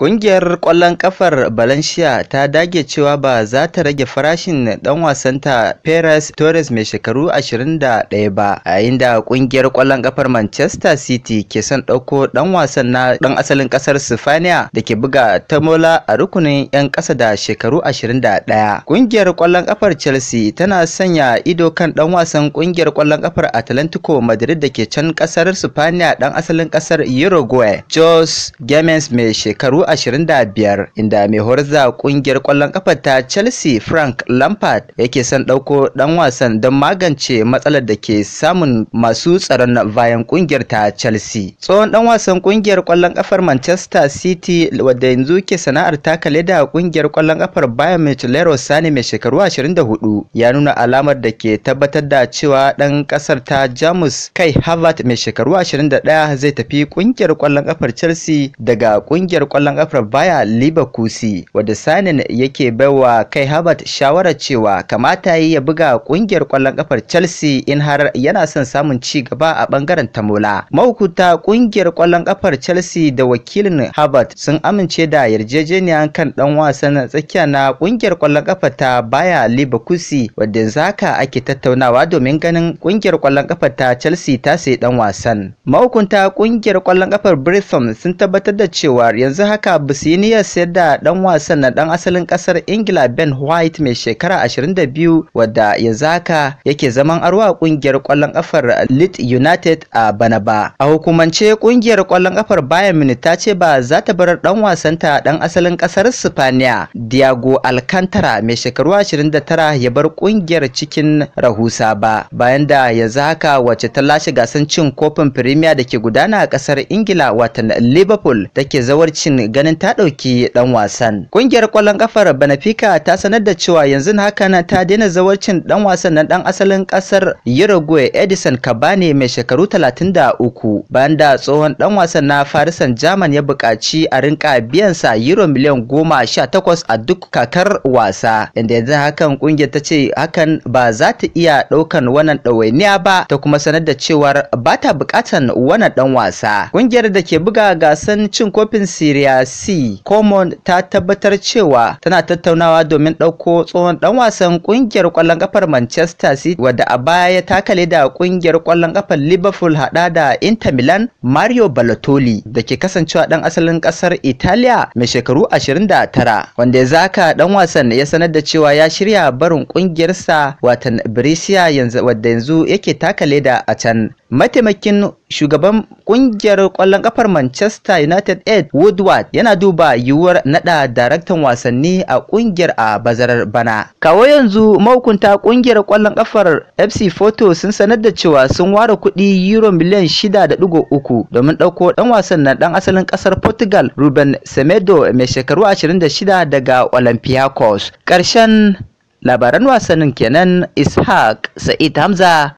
Ƙungiyar ƙwallon ƙafar Valencia ta dage cewa ba za ta rage farashin ɗan wasanta Perez Torres mai shekaru 21 ba, yayin da ƙungiyar ƙwallon ƙafar Manchester City ke son ɗauko ɗan wasan na ɗan asalin ƙasar Sifaniya da ke buga tamola a rukunin 'yan ƙasa da shekaru 21. Ƙungiyar ƙwallon ƙafar Chelsea tana sanya ido kan ɗan wasan ƙungiyar ƙwallon ƙafar Atlantico Madrid da ke can ƙasar Sifaniya ɗan asalin ƙasar Uruguay, Jose Gomes mai shekaru 25 inda mai horza kungiyar kwallon kafa ta Chelsea Frank Lampard yake son ɗauko ɗan wasan don magance matsalar da ke samun masu tsaron bayan kungiyar ta Chelsea. Tsohon ɗan wasan kungiyar kwallon kafar Manchester City wadda yanzu ke sana'ar taka leda kungiyar kwallon kafar Bayern Munich Leroy Sane mai shekaru 24 ya nuna alamar da ke tabbatar da cewa ɗan ƙasar ta Jamus Kai Harvard mai shekaru 21 zai tafi kungiyar kwallon kafar Chelsea daga kungiyar kwallon gafar baya kusi wadda Sanin yake baiwa kai habat shawarar cewa kamata yi ya buga kungiyar kwallon kafar Chelsea in har yana son samun ci gaba a bangaren tamola. Mahukuta kungiyar kwallon kafar Chelsea da wakilin habat sun amince da yarjejeniya kan dan wasan tsakiya na kungiyar kwallon kafa ta baya liba kusi wadda zaka ake tattaunawa domin ganin kungiyar kwallon kafa ta Chelsea ta sayi dan wasan. Mahukunta kungiyar kwallon kafar Brighton sun tabbatar da cewa yanzu haka Amurka ba su yi niyyar sayar da dan wasan na dan asalin kasar ingila ben white mai shekara 22 wadda yanzu haka yake zaman arwa a kungiyar kwallon kafar leeds united a bana ba a hukumance ƙungiyar kwallon kafar bayern munich ta ce ba za ta bar dan wasanta ɗan asalin ƙasar spaniya diago alcantara mai shekaru 29 ya bar ƙungiyar cikin rahusa ba bayan da ya zaka wacce ta lashe gasar cin kofin premier da ke gudana a ƙasar ingila watan liverpool take zawarcin ganin ta ɗauki ɗan wasan. Ƙungiyar ƙwallon ƙafar Benfica ta sanar da cewa yanzu hakan ta daina zawarcin ɗan wasan na ɗan asalin ƙasar Uruguay Edison Cavani mai shekaru 33 bayan da tsohon ɗan wasan na Farisan German ya buƙaci a rinka sa euro miliyan 18 a duk kakar wasa inda yanzu hakan ƙungiyar ta ce hakan ba za ta iya ɗaukan wannan ɗawainiya ba ta kuma sanar da cewar ba ta buƙatan wannan ɗan wasa. Ƙungiyar da ke buga gasan cin kofin Syria C Common ta tabbatar cewa tana tattaunawa domin ɗauko tsohon ɗan wasan ƙungiyar ƙwallon ƙafar Manchester City wadda a baya ya takale da ƙungiyar ƙwallon ƙafar Liverpool haɗa da Inter Milan Mario Balotelli da ke kasancewa ɗan asalin ƙasar Italiya mai shekaru 29 wanda ya zaka ɗan wasan ya sanar da cewa ya shirya barin ƙungiyarsa watan Brescia yanzu wadda yanzu yake takale da a can mataimakin shugaban kungiyar ƙwallon ƙafar Manchester United Ed Woodward yana duba yiwuwar nada daraktan wasanni a kungiyar a bazarar bana. Kawo yanzu mahukunta kungiyar kwallon ƙafar FC Photo sun sanar da cewa sun ware kuɗi euro miliyan 6.3 domin ɗauko ɗan wasan na ɗan asalin ƙasar Portugal Ruben Semedo mai shekaru 26 daga Olympiacos. Ƙarshen labaran wasannin kenan Ishaq Sa'id Hamza.